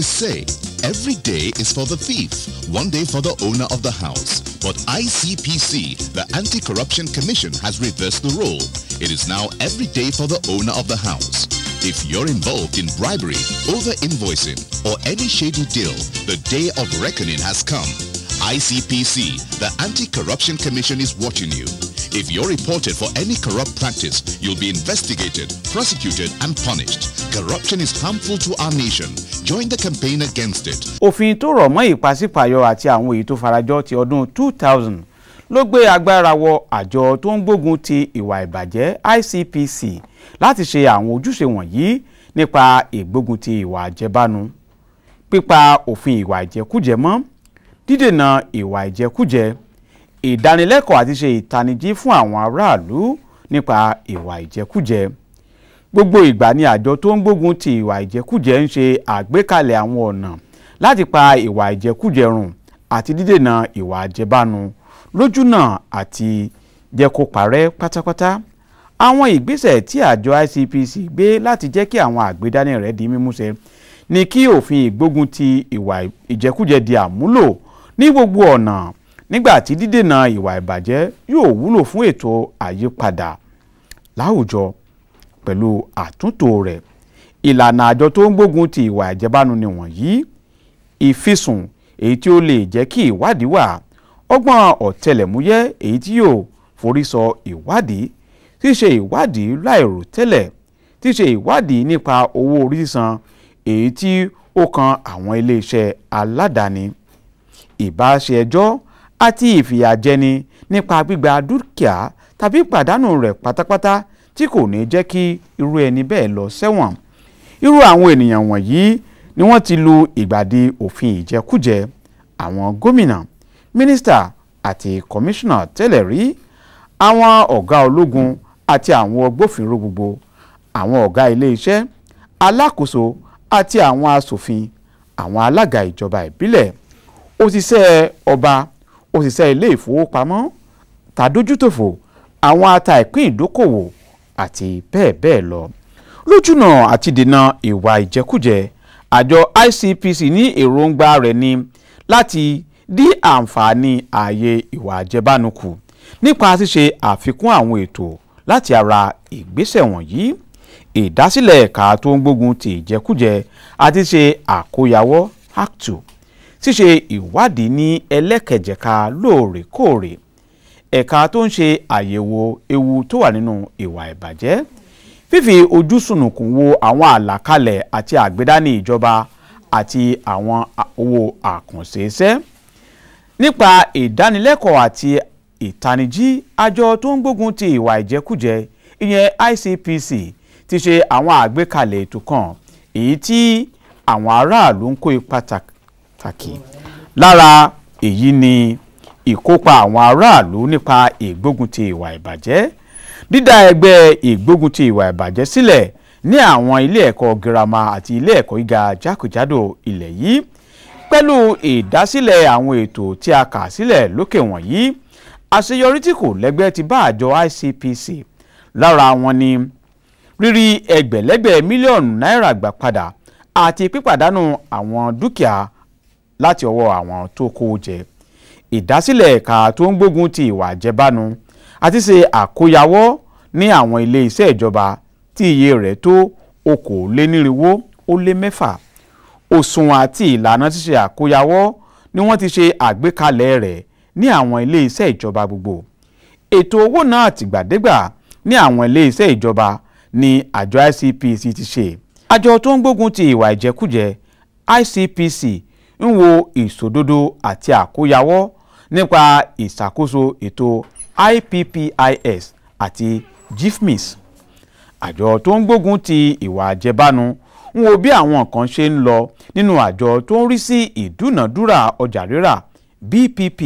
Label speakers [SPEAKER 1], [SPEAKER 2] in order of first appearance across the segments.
[SPEAKER 1] they say, every day is for the thief, one day for the owner of the house. But ICPC, the Anti-Corruption Commission, has reversed the role. It is now every day for the owner of the house. If you're involved in bribery, over-invoicing, or any shady deal, the day of reckoning has come. ICPC, the Anti-Corruption Commission is watching you. If you're reported for any corrupt practice, you'll be investigated, prosecuted and punished. Corruption is harmful to our nation. Join the campaign against it. òfin tó rọ̀ mọ́ ìpàsípàyọ àti àwọn èyí tó farajọ ti ọdún two thousand ló gbé agbára wọ àjọ tó ń gbógun ti ìwà ìbàjẹ́ ICPC láti ṣe àwọn ojúṣe wọ̀nyí nípa ìgbógun ti ìwà àjẹbánu pípa òfin ìwà ìjẹkújẹ mọ́ dídènà ìwà ìjẹkújẹ ìdánilẹ́kọ̀ọ́ àti ṣe ìtanijí fún àwọn aráàlú nípa ìwà ìjẹkújẹ gbogbo ìgbà ni àjọ tó ń gbógun ti ìwà ìjẹkújẹ ń ṣe àgbékalẹ̀ àwọn ọ̀nà láti pa ìwà ìjẹkújẹ run àti dídènà ìwà àjẹbánu lójúnà àti jẹ́ kó parẹ́ pátápátá àwọn ìgbésẹ̀ tí àjọ ICPC gbé láti jẹ́ kí àwọn àgbédání rẹ̀ di mímúṣẹ ni kí òfin ìgbógun ti ìwà ìjẹkújẹ di àmúlò ní gbogbo ọ̀nà nígbà tí dídènà ìwà ìbàjẹ́ yóò wúlò fún ètò àyípadà láwùjọ pẹ̀lú àtúntò rẹ̀ ìlànà àjọ tó ń gbógun ti ìwà ìjẹbánu ni wọ̀nyí ìfisùn èyí tí ó lè jẹ́ kí ìwádìí wà ọgbọ́n ọ̀tẹlẹ̀múyẹ́ èyí tí yóò forí sọ ìwádìí ṣíṣe ìwádìí láìrò tẹ́lẹ̀ ṣíṣe ìwádìí nípa owó orí sísan èyí tí ó kan àwọn iléeṣẹ́ aládàáni ìbáṣe ẹjọ́ àti ìfìyàjẹni nípa gbígba dúkìá tàbí pàdánù rẹ̀ pátápátá tí kò ní jẹ́ kí irú ẹni bẹ́ẹ̀ lọ sẹ́wọ̀n irú àwọn ènìyàn wọ̀nyí ni wọ́n ti lu ìgbàdí òfin ìjẹkújẹ àwọn gómìnà mínísítà àti kọmíṣánná tẹ́lẹ̀ rí àwọn ọ̀gá ológun àti àwọn agbófinró gbogbo àwọn ọ̀gá iléeṣẹ́ alákòóso àti àwọn asòfin àwọn alága ìjọba ìbílẹ̀ òṣìṣẹ́ ọba òṣìṣẹ́ ilé ìfowópamọ́ tàdójútòfò àwọn ata ìpín ìdókòwò àti bẹ́ẹ̀ bẹ́ẹ̀ lọ. lójúnà àti dènà ìwà ìjẹkújẹ àjọ ICPC ní èròǹgbà rẹ̀ ni láti dí àǹfààní ààyè ìwà àjẹbánu kù nípa ṣíṣe àfikún àwọn ètò láti ara ìgbésẹ̀ wọ̀nyí ìdásílẹ̀ ẹ̀ka tó ń gbógun ti ìjẹkújẹ àti ṣe àkóyawọ́ ACTU ṣíṣe ìwádìí ní ẹlẹ́kẹ̀jẹ̀ka lóòrèkóòrè ẹ̀ka tó ń ṣe àyẹ̀wò ewu tó wà nínú ìwà ìbàjẹ́ fífi ojú sùnùkùn wo àwọn àlàkalẹ̀ àti àgbédání ìjọba àti àwọn owó àkànṣe iṣẹ́ nípa ìdánilẹ́kọ̀ọ́ àti ìtanijí àjọ tó ń gbógun ti ìwà ìjẹkújẹ ìyẹn ICPC ti ṣe àwọn àgbékalẹ̀ ètò kan èyí tí àwọn aráàlú ń kó ipa pàtàkì lára èyí ni ìkópa àwọn aráàlú nípa ìgbógunti ìwà ìbàjẹ́ dídá ẹgbẹ́ ìgbógunti ìwà ìbàjẹ́ sílẹ̀ ní àwọn ilé ẹ̀kọ́ girama àti ilé ẹ̀kọ́ gíga jákèjádò ilẹ̀ yìí pẹ̀lú ìdásílẹ̀ àwọn ètò tí a kà sílẹ̀ lókè wọ̀nyí àṣeyọrí tí kò lẹ́gbẹ́ ti bá àjọ ICPC lára wọn ni rírí ẹgbẹ̀lẹ́gbẹ̀ mílíọ̀nù náírà gbà padà àti pípàdánù àwọn dúkìá láti ọwọ́ àwọn tó kó jẹ ìdásílẹ̀ ẹ̀ka tó ń gbógun ti ìwà àjẹbánu àti ṣe àkóyawọ́ ní àwọn ilé iṣẹ́ ìjọba tí iye rẹ̀ tó okòólénírínwó ó lé mẹ́fà òṣùwọ̀n àti ìlànà ṣíṣe àkóyawọ́ ni wọ́n ti ṣe àgbékalẹ̀ rẹ̀ ní àwọn ilé iṣẹ́ ìjọba gbogbo ètò owó náà tìgbàdégbà ní àwọn ilé iṣẹ́ ìjọba ni àjọ ICPC ti ṣe àjọ tó ń gbógun ti ìwà ìjẹkújẹ ICPC ń wo ìṣòdodo àti àkóyawọ́ nípa ìṣàkóso ètò IPPIS àti GIFMIS àjọ tó ń gbógun ti ìwà àjẹbánu ń wo bí àwọn nǹkan ṣe ń lọ nínú àjọ tó ń rí sí ìdúnàdúrà ọjà rírà BPP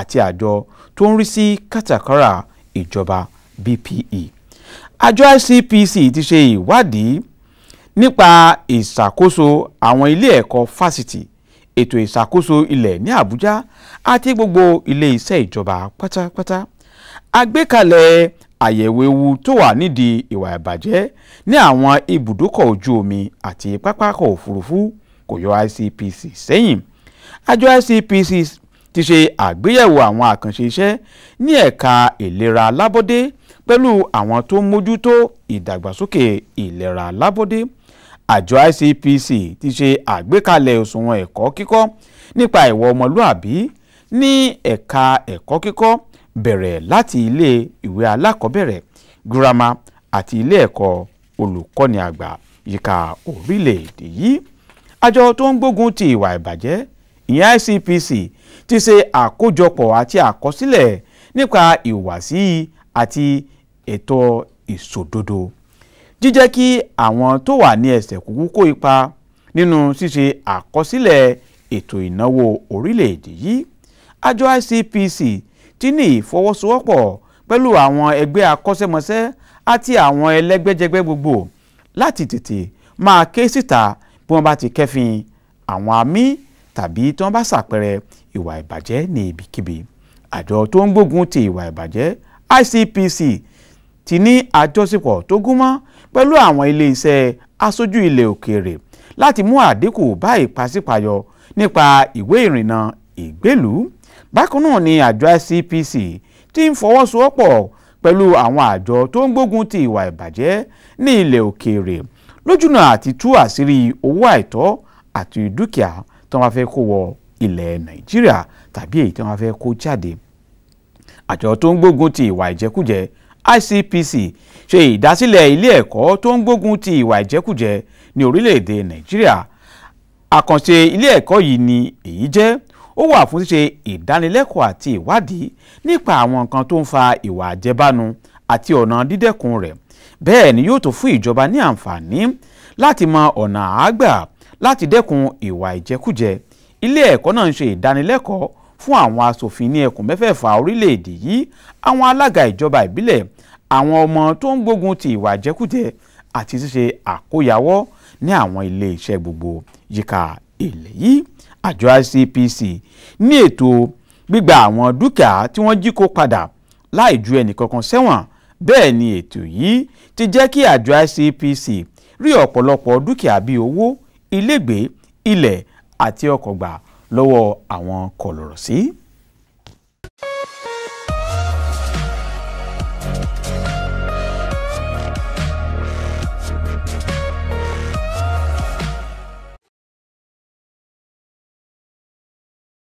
[SPEAKER 1] àti àjọ tó ń rí sí kátàkárà ìjọba BPE àjọ ICPC ti ṣe ìwádìí nípa ìṣàkóso àwọn ilé ẹ̀kọ́ fásitì ètò ìṣàkóso ilẹ̀ ní Àbújá àti gbogbo ilé-iṣẹ́ ìjọba pátápátá àgbékalẹ̀ àyẹ̀wò ewu tó wà nídìí ìwà ìbàjẹ́ ní àwọn ibùdókọ̀ ojú omi àti pápákọ̀ òfurufú kò yọ ICPC sẹ́yìn àjọ ICPC ti ṣe àgbéyẹ̀wò àwọn àkànṣe iṣẹ́ ní ẹ̀ka ìlera lábọ́dé pẹ̀lú àwọn tó ń mójútó ìdàgbàsókè ìlera lábọ́dé àjọ ICPC ti ṣe àgbékalẹ̀ òṣùwọ̀n ẹ̀kọ́ kíkọ́ nípa ìwà ọmọlúàbí ní ẹ̀ka ẹ̀kọ́ kíkọ́ bẹ̀rẹ̀ láti ilé ìwé alákọ̀ọ́bẹ̀rẹ̀ girama àti ilé ẹ̀kọ́ olùkọ́ni àgbà yíká orílẹ̀-èdè yìí àjọ tó ń gbógun ti ìwà ìbàjẹ́ ìyẹn ICPC ti ṣe àkójọpọ̀ àti àkọsílẹ̀ nípa ìwàsí àti ètò ìṣòdodo jíjẹ́ kí àwọn tó wà ní ẹsẹ̀ kúkú kó ipa nínú ṣíṣe àkọsílẹ̀ ètò ìnáwó orílẹ̀-èdè yìí àjọ ICPC ti ní ìfọwọ́sowọ́pọ̀ pẹ̀lú àwọn ẹgbẹ́ akọ́ṣẹ́mọṣẹ́ àti àwọn ẹlẹ́gbẹ́jẹgbẹ́ gbogbo láti tètè máa ké síta bí wọ́n bá ti kẹ́fìn àwọn àmì tàbí tí wọ́n bá ṣàpẹẹrẹ ìwà ìbàjẹ́ ní ibikíbi àjọ tó ń gbógun ti ìwà ìbàjẹ́ ICPC ti ní àjọṣepọ̀ tó gúnmọ́ pẹ̀lú àwọn ilé-iṣẹ́ aṣojú ilẹ̀ òkèèrè láti mú àdínkù bá ìpàsípàyọ nípa ìwé ìrìnnà ìgbélú bákan náà ni àjọ ICPC ti ń fọwọ́sowọ́pọ̀ pẹ̀lú àwọn àjọ tó ń gbógun ti ìwà ìbàjẹ́ ní ilẹ̀ òkèèrè lójúnà àti tú àṣírí owó àìtọ́ àti dúkìá tí wọ́n bá fẹ́ kó wọ ilẹ̀ Nàìjíríà tàbí èyí tí wọ́n bá fẹ́ kó jáde àjọ tó ń gbógun ti ìwà ìjẹkújẹ ICPC ṣe ìdásílẹ̀ ilé ẹ̀kọ́ tó ń gbógun ti ìwà ìjẹkújẹ ní orílẹ̀-èdè Nàìjíríà àkànṣe ilé ẹ̀kọ́ yìí ni èyí jẹ́ ó wà fún ṣíṣe ìdánilẹ́kọ̀ọ́ àti ìwádìí nípa àwọn nǹkan tó ń fa ìwà àjẹbánu àti ọ̀nà dídẹ́kun rẹ̀ bẹ́ẹ̀ ni yóò tó fún ìjọba ní àǹfààní láti mọ ọ̀nà àágbà láti dẹ́kun ìwà ìjẹkújẹ ilé ẹ̀kọ́ náà ń ṣe ìdánilẹ́kọ̀ọ́ fún àwọn asòfin ní ẹkùn mẹ́fẹ̀ẹ̀fà orílẹ̀-èdè yìí àwọn alága ìjọba ìbílẹ̀ àwọn ọmọ tó ń gbógun ti ìwà jẹkújẹ àti ṣíṣe àkóyawọ́ ní àwọn ilé-iṣẹ́ gbogbo yíká ilẹ̀ yìí àjọ ICPC ní ètò gbígba àwọn dúkìá tí wọ́n jí kó padà láì ju ẹnìkankan sẹ́wọ̀n bẹ́ẹ̀ ni ètò yìí ti jẹ́ kí àjọ ICPC rí ọ̀pọ̀lọpọ̀ dúkìá bíi owó ilégbèé ilẹ̀ àti ọkọ̀ gbà lọ́wọ́ àwọn kọ̀lọ̀rọ̀ sí.